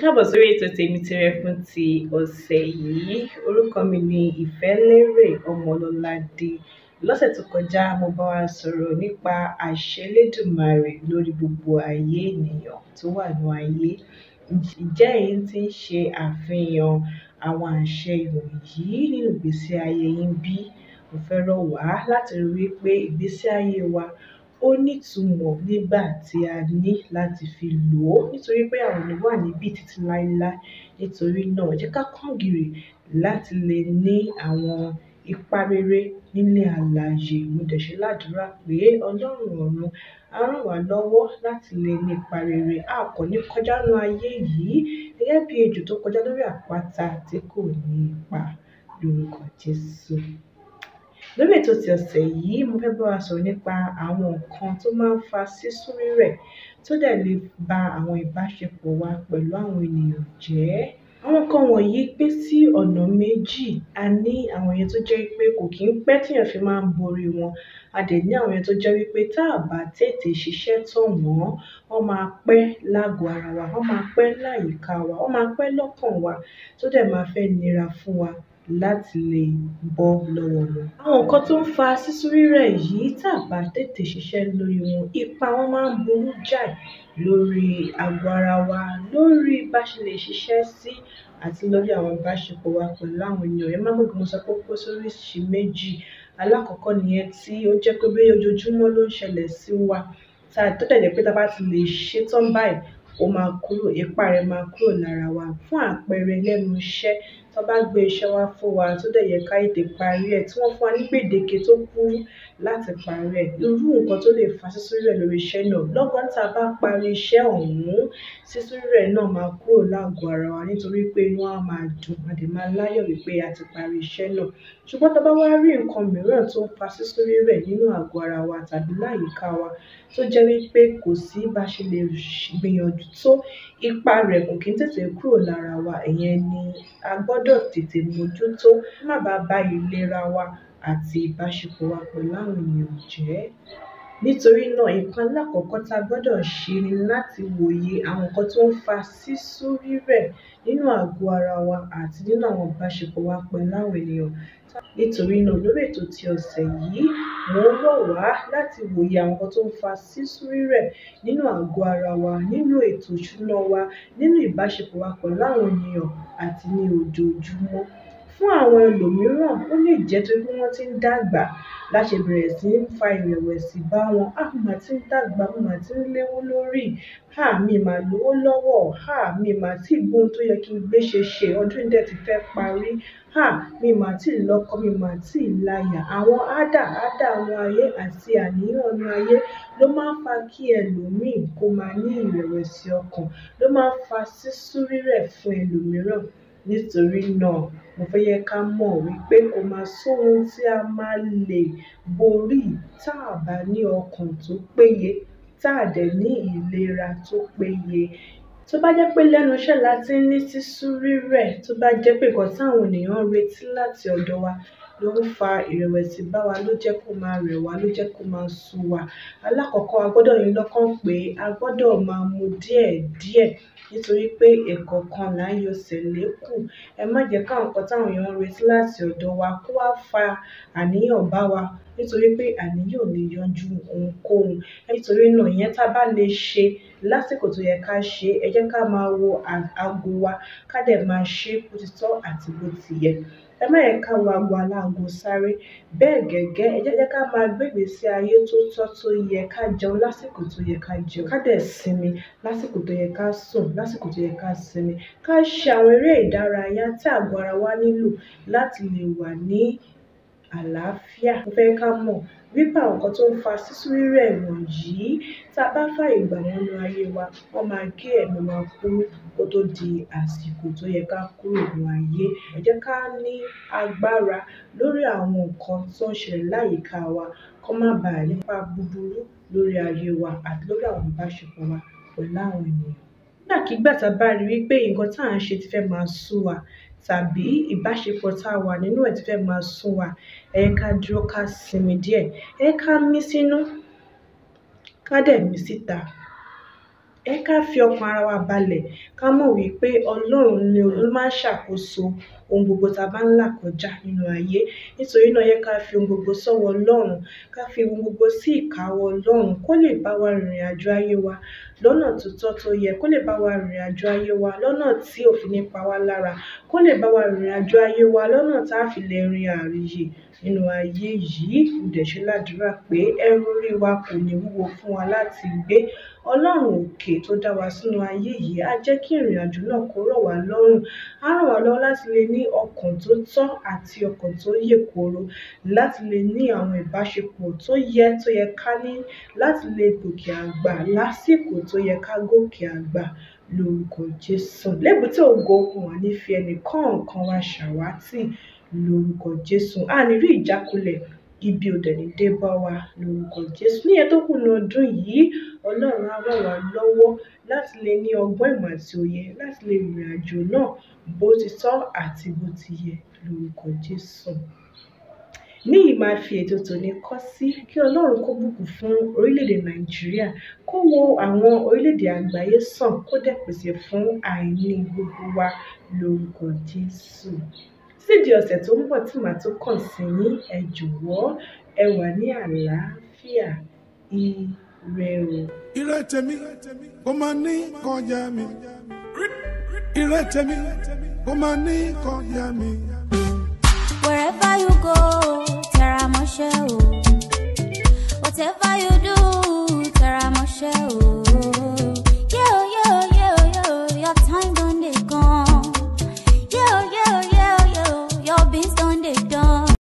káàbọ̀ sórí ètò tèmi tirẹ̀ fún ti ọ̀sẹ̀ yìí orúkọ mi ni ìfẹ́lérè ọmọlọ́ládé lọ́sẹ̀ tó kọjá mo bá wa sọ̀rọ̀ nípa àṣẹ Elédùmarè lórí gbogbo ayé ènìyàn tó wà ní ayé ìjẹ́ èyí tí ń ṣe àfihàn àwọn àṣẹ ìwọ̀nyí nínú ìgbésí ayé yín bí mo fẹ́ rọ̀ wá láti rí i pé ìgbésí ayé wa ó nítumọ̀ nígbà tí a ní láti fi lò ó nítorí pé àwọn ò ní wà níbí títí láéláé. Nítorí náà, jẹ́ ká kọ́ngìrì láti lè ní àwọn ipa rere nílé alààyè. Mo dẹ̀ ṣe ládùrá pé Ọlọ́run ọ̀run á ràn wá lọ́wọ́ láti lè ní ipa rere. A kò ní kọjá nínú ayé yìí gẹ́gẹ́ bí ejò tó kọjá lórí àpáta tí kò ní ipa lórúkọ Jésù lórí ètò ti ọ̀sẹ̀ yìí mo fẹ́ bá wa sọ̀rọ̀ nípa àwọn nǹkan tó máa ń fa sísún rírẹ̀ tó dẹ̀ lè ba àwọn ìbáṣepọ̀ wa pẹ̀lú àwọn ènìyàn jẹ́. Àwọn nǹkan wọ̀nyí pín sí ọ̀nà méjì. A ní àwọn yẹn tó jẹ́ pé kò kí ń pẹ́ tí èèyàn fi máa ń borí wọn. A dẹ̀ ní àwọn yẹn tó jẹ́ wípé tá a bá tètè ṣiṣẹ́ tọ̀ wọ́n, wọ́n máa pẹ́ lágo ara wa, wọ́n máa pẹ́ láyìíká wa, wọ́n máa pẹ́ lọ́kàn wa tó dẹ̀ máa fẹ́ nira fún wa láti lè bọ́ lọ́wọ́ wọn. Àwọn nǹkan tó ń fa sísú rírẹ̀ yìí tá a bá tètè ṣiṣẹ́ lórí wọn, ipa wọn máa ń burú jáì lórí àgọ́ ara wa, lórí bá ṣe lè ṣiṣẹ́ sí àti lórí àwọn ìbáṣepọ̀ wa pẹ̀lú àwọn ènìyàn. Ẹ má gbàgbé mo sọ pé ó pín sóríṣi méjì. Alákọ̀ọ́kọ́ nìyẹn tí ó jẹ́ pé bóyá ojoojúmọ́ ló ń ṣẹlẹ̀ sí wa. Tá a tó dẹ̀ pé tá a bá ti lè ṣe tán báyìí, ó máa kúrò, ipa rẹ̀ máa kúrò lára wa. Fún àpẹẹrẹ lẹ́nu iṣẹ́, tó bá gbé iṣẹ́ wá fún wa tó dẹ̀ yẹ ká ètè parí ẹ̀ tí wọ́n fún wa ní gbèdéke tó kúrú láti parí ẹ̀ irú nǹkan tó lè fa sísúrú rẹ̀ lórí iṣẹ́ náà lọ́gán tá a bá parí iṣẹ́ ọ̀hún sísúrú rẹ̀ náà máa kúrò lágọ̀ọ́ ara wa nítorí pé inú á máa dùn a dẹ̀ máa láyọ̀ wípé a ti parí iṣẹ́ náà ṣùgbọ́n tá a bá wá rí nǹkan mìíràn tó ń fa sísúrú rẹ̀ nínú àgọ́ ara wa tàbí láyìíká wa tó jẹ́ wípé kò sí bá ṣe lè gbìyànjú tó ipa rẹ̀ kò kí ń tètè kúrò lára wa ìyẹn ni a gbọ́dọ̀ gbọ́dọ̀ tètè mójútó kó má bàa ba ìlera wa àti ìbáṣepọ̀ wa pẹ̀lú àwọn ènìyàn jẹ́ Nítorí náà nǹkan alákọ̀ọ́kọ́ tá a gbọ́dọ̀ ṣe ni láti wòye àwọn nǹkan tó ń fa sísú-rírẹ̀ nínú àgọ́ ara wa àti nínú àwọn ìbáṣepọ̀ wa pẹ̀lú àwọn ènìyàn. Nítorí náà lórí ètò ti ọ̀sẹ̀ yìí, mò ń rọ̀ wá láti wòye àwọn nǹkan tó ń fa sísú-rírẹ̀ nínú àgọ́ ara wa, nínú ètò ìṣúná wa, nínú ìbáṣepọ̀ wa pẹ̀lú àwọn ènìyàn àti ní ojoojúmọ́ fún àwọn ẹlòmíràn ó lè jẹ́ torí pé wọ́n ti ń dàgbà la ṣe bẹ̀rẹ̀ sí ń fa ìrẹ̀wẹ̀sì bá wọn ah mo ń dàgbà mo mà ń léwó lórí ah mi mà lówó lọ́wọ́ ah mi mà tí gbóhun tó yẹ kí n gbé ṣe ṣe ọdún dẹ̀ ti fẹ́ parí ah mi mà tí lọ́kọ mi mà tí láyà àwọn ádàádà wọn ayé àti àníyàn ọ̀nà ayé ló máa ń fa kí ẹlòmíì kó máa ní ìrẹ̀wẹ̀sì ọkàn ló máa ń fa sísú rírẹ̀ fún ẹlòmíràn nítorí náà mo fẹ́ yẹ ká mọ̀ wípé kò máa sóhun tí a máa lè borí tá a bá ní ọkàn tó péye tá a dẹ̀ ní ìlera tó péye tó bá jẹ́ pé lẹ́nu iṣẹ́ la ti ń ní sísú rírẹ̀ tó bá jẹ́ pé nǹkan táwọn ènìyàn ń retí láti ọ̀dọ̀ wa ló ń fa ìrẹ̀wẹ̀sì bá wa ló jẹ́ kó máa rẹ̀ wá ló jẹ́ kó máa sú wa alákọ̀ọ́kọ́ a gbọ́dọ̀ ní lọ́kàn pé a gbọ́dọ̀ máa mu díẹ̀ díẹ̀ nítorí pé ẹ̀kọ̀ọ̀kan là ń yọ sẹ̀lẹ̀ kù ẹ má jẹ́ káwọn nǹkan táwọn èèyàn ń retí láti ọ̀dọ̀ wa kó wá fa àníyàn bá wa nítorí pé àníyàn ò lè yanjú ohunkóhun nítorí náà ìyẹn tá a bá lè ṣe lásìkò tó yẹ ká ṣe é ẹ jẹ́ ká máa wo aago wa ká dẹ̀ máa ṣe bó ti tọ́ àti bó ti yẹ ẹ má yẹ ká wo aago aláago sáré bẹ́ẹ̀ gẹ́gẹ́ ẹ jẹ́ ká máa gbé ìgbésí ayé tó tọ́ tó yẹ ká jẹun lásìkò tó yẹ ká jẹun ká dẹ̀ sinmi lásìkò tó yẹ ká sùn lásìkò tó yẹ ká sinmi ká ṣe àwọn eré ìdárayá tí àgọ́ ara wa nílò láti lè wà ní àlàáfíà. Mo fẹ́ ká mọ̀ wípé àwọn nǹkan tó ń fa sísú rírẹ̀ wọ̀nyí tá a bá fààyè gbà wọ́n nínú ayé wa wọ́n máa gé ẹ̀mí wa kúrú kó tó di àsìkò tó yẹ ká kúrò nínú ayé. Ẹ jẹ́ ká ní agbára lórí àwọn nǹkan tó ń ṣẹlẹ̀ láyìíká wa kó má baà nípa búburú lórí ayé wa àti lórí àwọn ìbáṣepọ̀ wa pẹ̀lú àwọn ènìyàn nígbàkigbà tá a bá rí i nǹkan tá à ń ṣe ti fẹ́ máa sú wa tàbí ìbáṣepọ̀ tá a wà nínú ẹ̀ ti fẹ́ máa sú wa ẹ jẹ́ ká dúró ká sinmi díẹ̀ ẹ jẹ́ ká mí sínú ká dẹ̀ mí síta ẹ jẹ́ ká fi ọkàn ara wa balẹ̀ ká mọ̀ wípé ọlọ́run ni ó máa ń ṣàkóso ohun gbogbo tá a bá ń là kọjá nínú ayé. Nítorí náà yẹ ká fi ohun gbogbo sọ́wọ́ Ọlọ́run, ká fi ohun gbogbo sí ìkáwọ́ Ọlọ́run kó lè bá wa rìnrìn àjò ayé wa lọ́nà tó tó yẹ, kó lè bá wa rìnrìn àjò ayé wa lọ́nà tí ò ní pa wá lára, kó lè bá wa rìnrìn àjò ayé wa lọ́nà tá a fi lè rin àríyé nínú ayé yìí. Mo dẹ̀ pé ẹrù orí wa kò ní wúwo fún wa láti gbé. Ọlọ́run òkè tó dá wa sínú ayé yìí á jẹ́ kí ìrìn àjò náà kó rọ̀ wá lọ́rùn. Á ràn wá lọ́wọ́ láti lè ní ní ọkàn tó tọ́ àti ọkàn tó yè kooro láti lè ní àwọn ìbáṣepọ̀ tó yẹ tó yẹ ká ní láti lè gòkè àgbà lásìkò tó yẹ ká gòkè àgbà lórúkọ Jésù. Lébùté ògo kò wá ní fi ẹnì kọ̀ọ̀kan wa ṣàwátì lórúkọ Jésù. Àní rí ibi ò dẹ̀ ní dé bá wa lórúkọ Jésù. Ní ìyẹn tó kù ní ọdún yìí, Ọlọ́run á ràn wá lọ́wọ́ láti lè ní ọgbọ́n ìmọ̀ àti òye láti lè rìnrìn àjò náà bó ti tọ́ àti bó ti yẹ lórúkọ Jésù. Ní yìí máa fi ètò tòní kọ́ sí kí Ọlọ́run kó bùkún fún orílẹ̀ Nàìjíríà kó wo àwọn orílẹ̀ àgbáyé sàn kó dẹ̀ pèsè fún àìní gbogbo wa lórúkọ Jésù títí ọ̀sẹ̀ tó ń bọ̀ tí màá tó kàn sí yín ẹ jọ̀wọ́ ẹ wà ní àlàáfíà ire o. ire tèmi kò máa ní kọjá mi ire tèmi kò máa ní kọjá mi. wherever you go tẹra mọ́ṣẹ́ o whatever you.